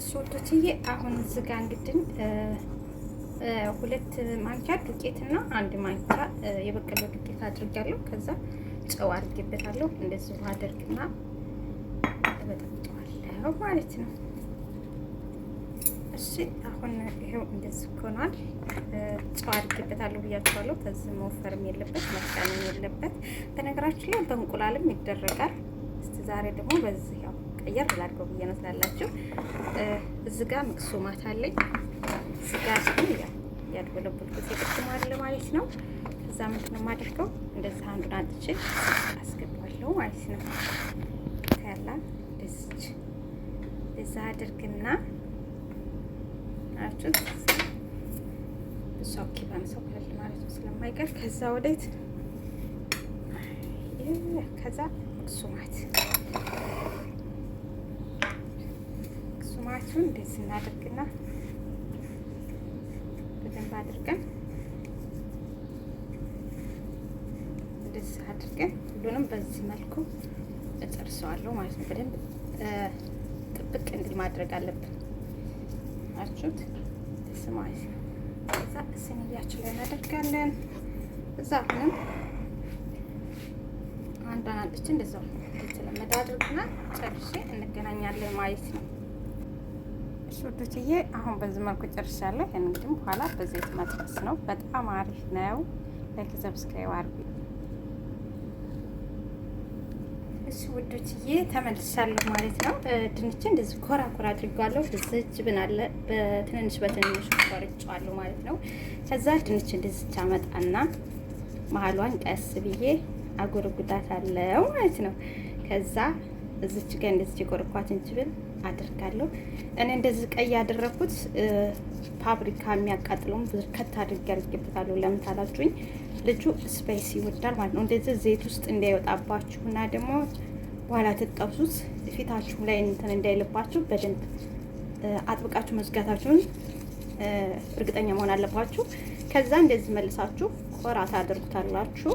እሱ አሁን እዚህ ጋር እንግዲህ ሁለት ማንኪያ ዱቄት እና አንድ ማንኪያ የበቀለ ዱቄት አድርጋለሁ። ከዛ ጨው አድርጌበታለሁ። እንደዚህ አድርግና በጠብጠዋለሁ ማለት ነው። እሺ አሁን ይኸው እንደዚህ ሆኗል። ጨው አድርጌበታለሁ ብያቸዋለሁ። ከዚህ መወፈርም የለበት መጫንም የለበት። በነገራችን ላይ በእንቁላልም ይደረጋል። እስቲ ዛሬ ደግሞ በዚህ ያው ቀየር ላድርገው ብዬ ነው ስላላችሁ። እዚህ ጋር መቅሶማት አለኝ ስጋ ሲሆን ያ ጊዜ ቅድማለ ማለት ነው። ከዛ ምንድን ነው የማደርገው እንደዚህ አንዱን አንጥቼ አስገባለሁ ማለት ነው። ከላ ደስች እዛ አድርግና አችሁ እሷ ኪባን ሰው ከል ማለት ነው ስለማይቀር ከዛ ወደት ከዛ መቅሶማት ስማችሁን እንደዚህ እናድርግና በደንብ አድርገን እንደዚህ አድርገን ሁሉንም በዚህ መልኩ እጨርሰዋለሁ ማለት ነው። በደንብ ጥብቅ እንዲል ማድረግ አለብን። አችሁት ደስ ማለት ነው። እዛ ስንያችን ላይ እናደርጋለን። እዛ አሁንም አንዷን አንጥቼ እንደዛው ስለመዳድርግና ጨርሼ እንገናኛለን ማለት ነው። ሱዱትዬ አሁን በዚህ መልኩ ጨርሻለሁ። እንግዲህ በኋላ በዘይት መጥበስ ነው። በጣም አሪፍ ነው። ላይክ ሰብስክራይብ አድርጉ። እሺ ውዶችዬ ተመልሻለሁ ማለት ነው። ድንች እንደዚህ ኮራ ኮራ አድርጓለሁ። ዝጅ ብናለ በትንንሽ በትንንሽ ቆርጫለሁ ማለት ነው። ከዛ ድንች እንደዚህ ቻመጣና መሀሏን ቀስ ብዬ አጎርጉዳታለሁ ማለት ነው። ከዛ እዚች ጋር እንደዚህ የቆርኳት እንችብል አድርጋለሁ። እኔ እንደዚህ ቀይ ያደረኩት ፋብሪካ የሚያቃጥለውን ብርከት አድርጌ አድርጌበታለሁ። ለምን ታላችሁኝ? ልጁ ስፓይስ ይወዳል ማለት ነው። እንደዚህ ዘይት ውስጥ እንዳይወጣባችሁ እንዳይወጣባችሁና ደግሞ በኋላ ትጠብሱት ፊታችሁ ላይ እንትን እንዳይልባችሁ በደንብ አጥብቃችሁ መዝጋታችሁን እርግጠኛ መሆን አለባችሁ። ከዛ እንደዚህ መልሳችሁ ቆራት አድርጉታላችሁ።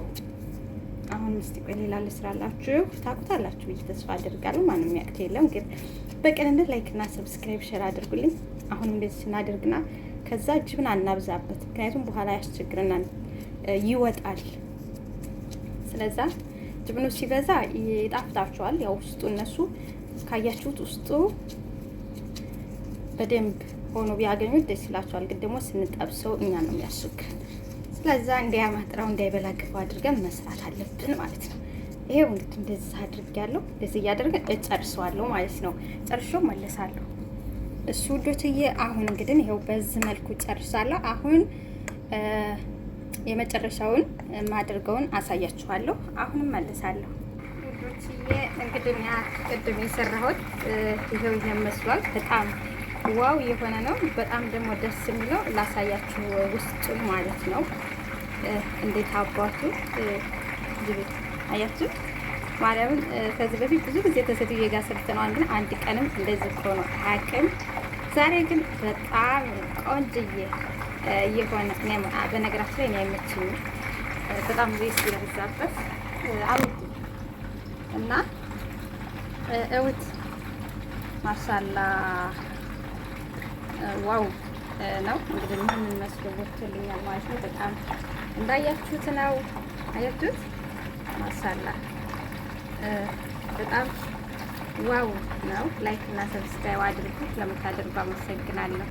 አሁን ምስጢቆ ሌላ ልስራላችሁ ታቁታላችሁ ብዬ ተስፋ አድርጋለሁ። ማንም ያቅት የለም ግን በቅንነት ላይክና ሰብስክራይብ ሸር አድርጉልኝ። አሁን እንደዚህ ስናደርግና ከዛ ጅብን አናብዛበት፣ ምክንያቱም በኋላ ያስቸግረናል፣ ይወጣል። ስለዛ ጅብኑ ሲበዛ ይጣፍጣቸዋል። ያው ውስጡ እነሱ ካያችሁት ውስጡ በደንብ ሆኖ ቢያገኙት ደስ ይላቸዋል። ግን ደግሞ ስንጠብሰው እኛ ነው የሚያስቸግረን። ስለዛ እንዳያማጥራው እንዳይበላ አድርገን መስራት አለብን ማለት ነው። ይሄው እንግዲህ እንደዚህ አድርጌያለሁ። እንደዚህ እያደረገ እጨርሰዋለሁ ማለት ነው። ጨርሾ መለሳለሁ። እሱ ውዶችዬ፣ አሁን እንግዲህ ይሄው በዚህ መልኩ ጨርሳለሁ። አሁን የመጨረሻውን ማድርገውን አሳያችኋለሁ። አሁንም መልሳለሁ። ውዶችዬ፣ እንግዲህ ያ ቅድም የሰራሁት ይሄው ይመስሏል። በጣም ዋው የሆነ ነው። በጣም ደግሞ ደስ የሚለው ላሳያችሁ ውስጡ ማለት ነው። እንዴት አባቱ ዝብት አያችሁ ማርያምን ከዚህ በፊት ብዙ ጊዜ ተሴትዬ ጋር ሰርተነዋል፣ ግን አንድ ቀንም እንደዚህ ሆኖ ነው አያውቅም። ዛሬ ግን በጣም ቆንጅዬ እየሆነ በነገራችን ላይ እኔ አይመችኝም በጣም ሬስ ስለበዛበት አሉት እና እውት ማሻላ ዋው ነው እንግዲህ ምን መስሎ ወጥቶልኛል ማለት ነው። በጣም እንዳያችሁት ነው አያችሁት ማሳላ በጣም ዋው ነው። ላይክ እና ሰብስክራይብ አድርጉ። ለምታደርጉ አመሰግናለሁ።